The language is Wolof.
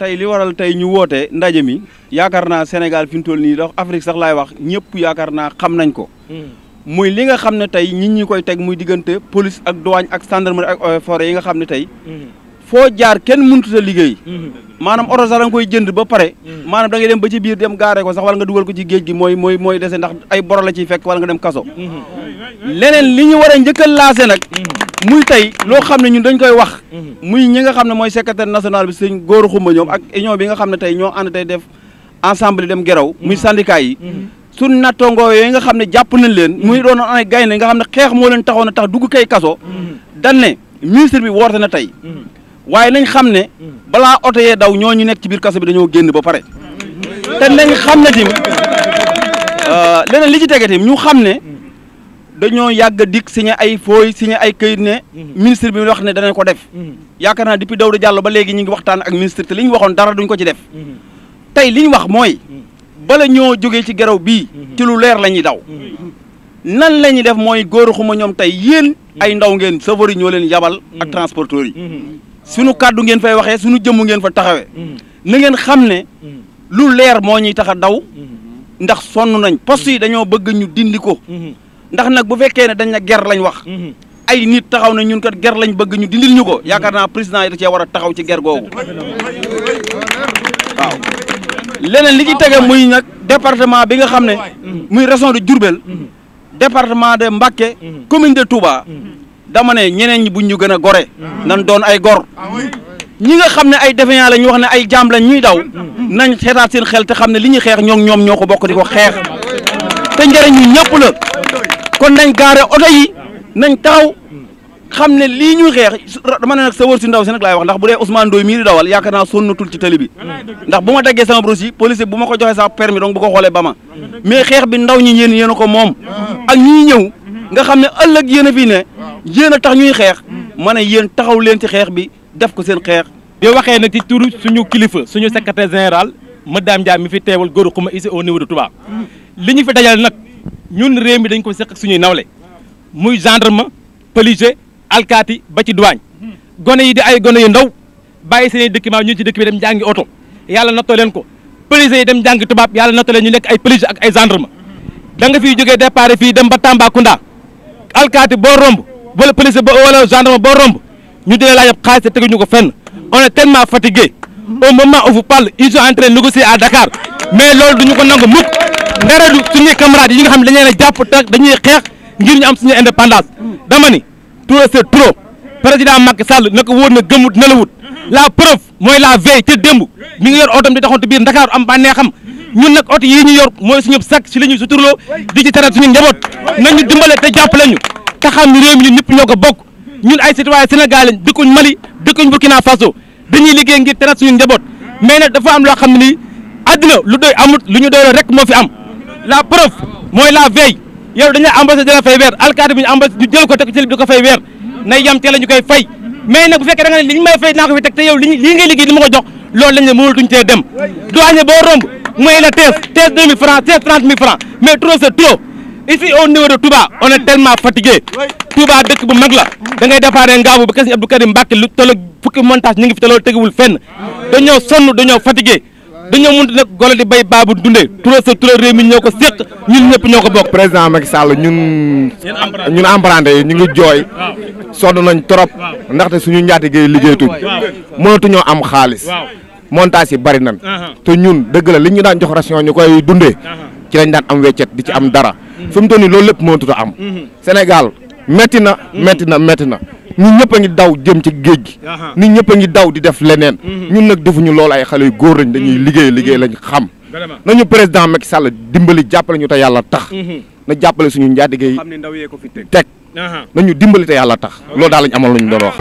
tey li waral tey ñu woote ndaje mi yaakaar naa Sénégal fi mu toll nii dox Afrique sax laay wax ñëpp yaakaar naa xam nañ ko. Hmm. muy li nga xam ne tey nit ñi koy teg muy diggante police ak douane ak gendarmerie ak eaux forêt yi nga xam ne tey. Hmm. foo jaar kenn mënut a liggéey. Hmm. maanaam oto sax da nga koy jënd ba pare. maanaam da ngay dem ba ci biir dem gaare ko sax wala nga dugal ko ci géej gi mooy mooy dese ndax ay boro la fekk wala nga dem kaso. leneen li ñu war a njëkkal laase nag. muy tey loo xam ne ñu dañ koy wax. Mm-hmm. muy ñi nga xam ne mooy secrétaire national bi sëñ Góoru Xumba ñoom ak union bi nga xam ne tey ñoo ànd tey def ensemble dem Geraw. muy mm-hmm. syndicat yi. Mm-hmm. su nattongoo yooyu nga xam ne jàpp nañ leen. muy doon ay gaynde nga xam ne xeex moo a tax dugg kay kaso. dañ ne ministre bi woote na tey. waaye nañ xam ne balaa oto yee daw ñoo ñu nekk ci biir kaso bi dañoo génn ba pare te nañ xam ne tim euh, leneen li ci tege tim ñu xam ne dañoo yàgg dikk signé ay fooy signé ay kayit ne mhm. ministre bi wax ne danañ ko def mhm. yaakaar naa daw Daouda Diallo ba léegi ñu ngi waxtaan ak ministre te li ñu waxoon dara duñ ko ci def mhm. tey li wax mooy bala ñoo jóge ci geraw bii ci lu leer la ñuy daw nan la ñuy def mooy góor xuma ñoom tey yéen ay ndaw ngeen chauffeur yi ñoo leen yabal ak transporteurs yi suñu kàddu ngeen fay waxee suñu jëmm ngeen fa taxawee na ngeen xam ne lu leer moo ñuy tax a daw ndax sonn nañ poste yi dañoo bëgg ñu dindi ko ndax nag bu fekkee ne dañ na ger lañ wax mhm. ay nit taxaw na ñun kat ger lañ bëgg ñu dindil ñu ko mhm. yaakaar naa président yi da cee war a taxaw ci ger googu leneen li ci tege muy nag département bi nga xam ne mhm. muy région de Diourbel département de Mbacké commune de Touba dama ne ñeneen ñi buñ ñu gën a gore nan doon ay gor ah ñi nga xam ne ay défaillants la ñu wax ne ay jaam lañ ñuy daw nañ xeetaat seen xel te xam ne li ñuy xeex ñoom ñoom ñoo ko bokk di ko xeex te njëriñ ñëpp la kon nañ gaare oto yi nañ taxaw xam ne lii ñuy xeex dama ne nag sa wër si ndaw si nag laay wax ndax bu dee Ousmane Ndoye mii di dawal yaakaar naa sonnatul ci tali bi ndax bu ma daggee sama brosse yi police bu ma ko joxee sax permis donc bu xoolee ba mais xeex bi ndaw ñi yéen yéen a ko moom ak ñii ñëw nga xam ne ëllëg yéen a fii ne yéen a tax ñuy xeex ma ne yéen taxaw leen ci xeex bi def ko seen xeex yow waxee nag ci tur suñu kilifa suñu secrétaire général madame Ndiaye mi fi teewal góoru xuma ici au niveau de ñun réew mi dañ ko seq ak suñuy nawle muy gendarme policier alkaati ba ci douane gone yi di ay gone yu ndaw bàyyi seen i document ñu ci dëkk bi dem jàngi oto yàlla nattoo leen ko policier yi dem jàngi tubaab yàlla nattoo leen ñu nekk ay policier ak ay gendarme da nga fiy jógee fi fii dem ba Tambacounda alkaati boo romb wala policier ba wala gendarme boo romb ñu di la laaj ab xaalis te ko fenn on est tellement fatigué au moment où vous parle ils sont mais loolu ndara du suñuy camarades yi nga xam ne dañu leen a jàpp te dañuy xeex ngir ñu am suñu indépendance dama ni trop c'est trop président Macky Sall na ko wóor na gëmut na la wut la preuve mooy la veille ca démb mi ngi yor otom di doxantu am bànneexam ñun nag oto yi ñu yor mooy ñëpp sac si la ñuy suturloo di ci teral njaboot nañu dimbale te jàpp ñu te xam ni réew mi ñun ñëpp ñoo ko bokk ñun ay citoyen Sénégal lañ dëkkuñ Mali dëkkuñ Burkina Faso dañuy liggéey ngir teral suñu njaboot mais nag dafa am loo xam ne nii àddina lu doy lu ñu doy rek moo fi am la preuve mooy la veille yow dañu la embauché dina fay weer alkaati bi ñu embauché ñu jël ko teg ci li di ko fay weer nay yam teel ñu koy fay mais nag bu fekkee da nga li ñu may fay naa ko fi teg te yow li lii ngay liggéey li ma ko jox loolu lañ ne mënatuñ cee dem douane boo romb mooy la tees tees deux mille francs tees trente mille francs mais trop c'est trop ici au niveau de Touba on est tellement fatigué Touba dëkk bu mag la da ngay déparé ngaabu ba kese Abdou Karim Mbacke lu tollu fukki montage ñu ngi fi te loolu dañoo mënut nag golo di béy baabu dundee tural sa tural réew mi ñoo ko séq ñun ñëpp ñoo ko bokk. président Macky Sall ñun. ñun emprunté yi ñu ngi jooy. sonn nañ trop. ndaxte suñu njaatige yi liggéeyatuñ. mënatuñoo am xaalis. montage yi bari nañ. Uh-huh. te ñun dëgg la li ñu daan jox ration ñu koy dundee. Uh-huh. ci lañ daan am weccet di ci am dara. Uh-huh. fi mu toll loolu lépp mënatut am. Sénégal metti na metti na metti na. ñun ñëpp a ngi daw jëm ci géej gi nit ñëpp a ngi daw di def leneen mhm. ñun nag defuñu loolu ay xale yu góor lañ dañuy mhm. liggéey liggéey lañ xam nañu président Macky Sall dimbali jàppale ñu te yàlla tax mhm. na jàppale suñu njaatige yi xam ne ndaw yee ko fi teg nañu dimbali te yàlla tax loolu daal lañ amal luñ doon wax